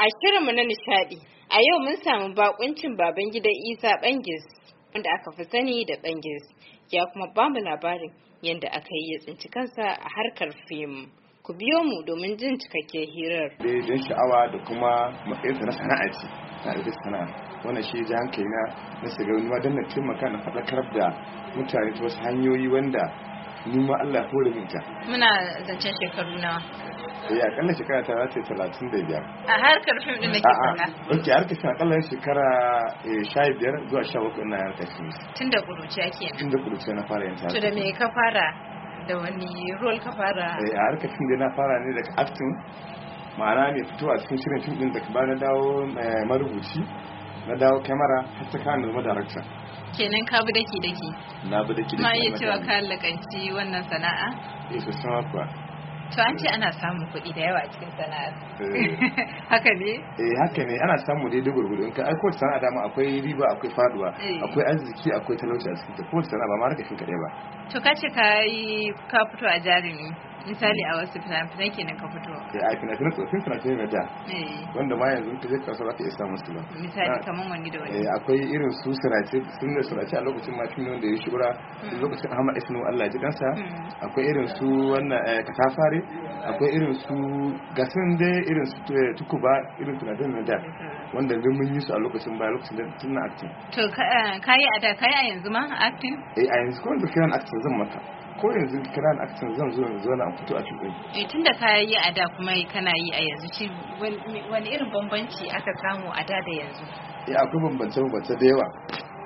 A mu na nishadi, a yau mun samu bakuncin baban gidan Isa Bangis, wanda aka fi sani da Bangis, ya kuma ba mu labarin yadda aka yi ya tsinci kansa a harkar fim. Ku biyo mu domin jin cikakken hirar. Daidai eh, sha'awa da kuma matsayinsa na sana'a ce, na da sana'a. Wannan shi ji hankali na na shiga wani ma don na taimaka na faɗakar da mutane ta wasu hanyoyi wanda ni ma Allah hore min ta muna zancen shekaru nawa eh akalla shekara ta da 35 a harkar fim din nake kalla okay harkar fim akalla shekara 15 eh, zuwa 17 ina harkar fim tunda kuruciya kenan tunda kuruciya na fara yanta ta to da me ka fara da wani role ka fara eh a harkar fim na fara ne daga acting ma'ana ne fitowa cikin shirin fim din da ka bana dawo eh, marubuci na dawo kamera har ta kawo zama director kenan ka bi daki daki na bi daki daki ma iya cewa ka lakanci wannan sana'a eh su sama kuwa to an ce ana samun kuɗi da yawa cikin sana'ar eh. haka ne eh haka ne ana samu dai dubur gudu in ka aiko sana'a mu akwai riba akwai faduwa eh. akwai arziki akwai talauci a cikin ta kowace sana'a ba ma harkar shin kaɗai ba to ka ce ka yi ka fito a jarumi misali a wasu fina-finai kenan ka fito eh, a fina-finan tsofin fina-finai na da eh. wanda ma yanzu ka je kasuwa za iya samun su ba misali ah. kamar wani da wani eh, akwai irin su sirace sun da sirace a lokacin ma fim wanda ya shura hmm. lokacin ahmad isnu allah ji kansa hmm. akwai irin su wannan katafare akwai irin su gasan da irin su tukuba irin fina-finan na da wanda duk mun yi su a lokacin baya lokacin da tun na acting to kayi a da kayi a yanzu ma acting eh a yanzu kuma da kiran acting zan maka ko yanzu kana na zan zo yanzu na fito a cikin eh tun da kayan yi a da kuma kana yi a yanzu shi wani irin bambanci aka samu a da da yanzu eh akwai bambance bambance da yawa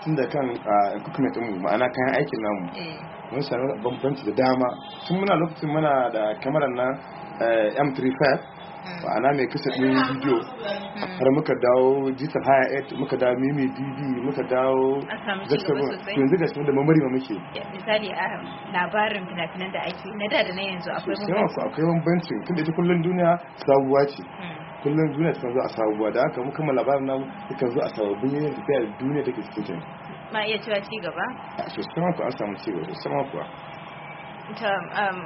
tun da kan ah, equipment mu ma'ana kayan aikin namu eh. mun sanar bambanci da dama tun muna lokacin muna da kamar na eh, m35 ma'ana mai kasa ɗin bidiyo har muka dawo digital higher ed muka dawo mimi dd muka dawo zaskabon to yanzu gaske da mamari ma muke misali a labarin fina-finan da ake na da da na yanzu akwai bambanci akwai bambanci tunda ita kullum duniya sabuwa ce hmm. kullum duniya ta zo a sabuwa da haka muka labarin na ta zo a sababbin yanayin tafiya duniya take cikin ma iya cewa ci gaba sosai ma an samu ci gaba sosai kuwa Um,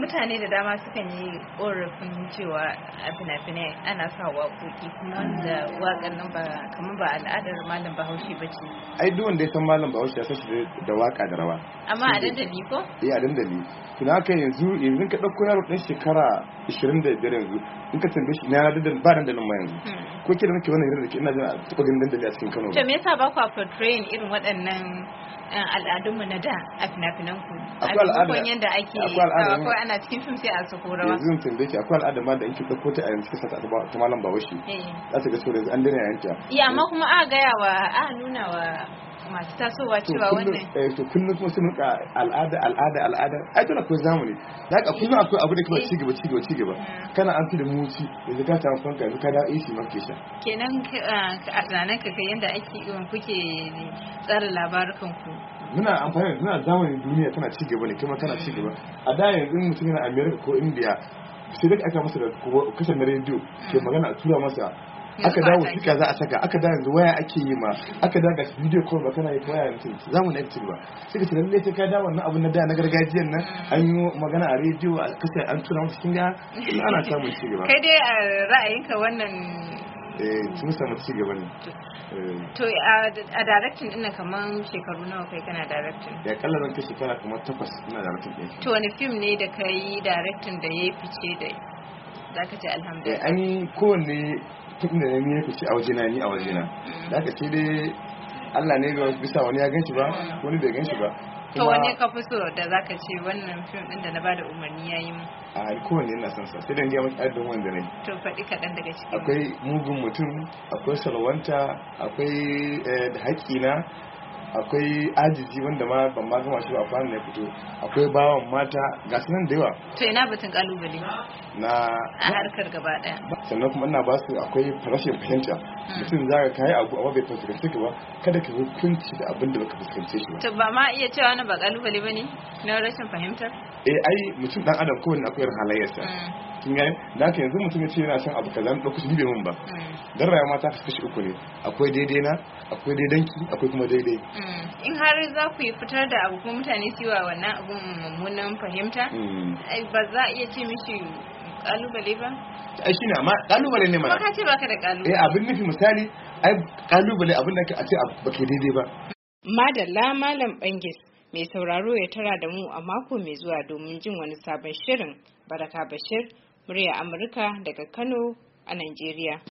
mutane da dama sukan yi korafin cewa a fina-finai ana sa waƙoƙi kuma da waƙar nan ba kamar ba al'adar malam bahaushe ba ce ai duk wanda ya san malam bahaushe ya san shi da waƙa da rawa amma a dandali ko eh a dandali tun haka yanzu yanzu ka ɗauko yaro ɗan shekara 25 yanzu in ka tambaye shi na yana dandali ba dandalin ma yanzu hmm. ko ke da nake wannan irin da ke ina jin a taɓa ganin dandali a cikin Kano to me yasa ba kwa portraying irin waɗannan eh, al'adunmu na da a fina-finanku a maimakon da ake akwai ana cikin fim sai a su korawa yanzu tun da ke akwai al'ada ma da in ki dauko ta a yanzu kisa ta ta malam bawashi eh. za ta ga so an dena yanta iya amma kuma a gaya wa a nuna wa masu tasowa cewa wannan eh, to kullum kuma sun rika al'ada al'ada al'ada ai dole akwai zamani za ka kullum akwai abu da kuma eh. ci gaba ci gaba ci gaba kana an fi da muci yanzu ka samu fanka yanzu ka dawo AC maka sha kenan a tunanin ka yanda ake kuke tsara labarukan ku muna amfani da zamanin duniya tana ci gaba ne kuma tana ci gaba a da yanzu mutum yana america ko india sai dai aka masa da kashin na rediyo ke magana a tura masa aka dawo fika za a saka aka dawo yanzu waya ake yi ma aka dawo ga video call ba kana yi waya yanzu za mu nafi ba sai ka tunanin sai ka dawo wannan abin na da na gargajiyan nan an yi magana a rediyo a kasar an tura musu kinga ana samun ci gaba kai dai a ra'ayinka wannan Eh, tun samu ci gaba ne to a directing din kaman shekaru nawa kai kana directing ya kalla zan kai shekara kamar takwas ina directing din to wani film ne da kai directing da yayi fice da zaka ce alhamdulillah eh an kowanne tun da ne ya fice a waje na ni a waje wajena mm. zaka ce dai Allah ne bisa wani ya ganshi ba mm. wani bai ganshi ba to wani ka fi so da zaka ce wannan fim din da na bada umarni yayi mu a kowanne ina son sa sai dan ga maki adon wanda ne. to faɗi kaɗan daga cikin akwai mugun mutum akwai salwanta akwai eh, da na. akwai ajiji wanda ma ban ma gama shi ba kwanan ya fito akwai bawan mata ga nan da yawa to ina batun kalubale na a harkar gaba daya sannan kuma ina ba su akwai farashin fahimta hmm. mutum za ka kayi abu amma bai fuskanci ka ba kada ka hukunci da abin da baka fuskance shi ba to ba ma iya cewa na ba kalubale bane na rashin fahimtar eh ai mutum dan adam kowanne akwai halayyarsa hmm. kin gane da haka yanzu mutum ya ce yana son abu kaza lokacin ni bai mun ba mm. dan rayuwa ta kashi uku ne akwai daidai na akwai daidanki akwai kuma daidai mm. in har za ku yi fitar da abu kuma mutane su wa wannan abu mummunan fahimta mm. ba za a iya ce mishi kalubale ba ai shine amma kalubale ne mana ba ka ce baka da kalubale eh abin nufi misali ai kalubale abin da a ce ba daidai ba madalla malam bangis mai sauraro ya tara da mu a mako mai zuwa domin jin wani sabon shirin baraka bashir murya Amurka daga Kano a Najeriya.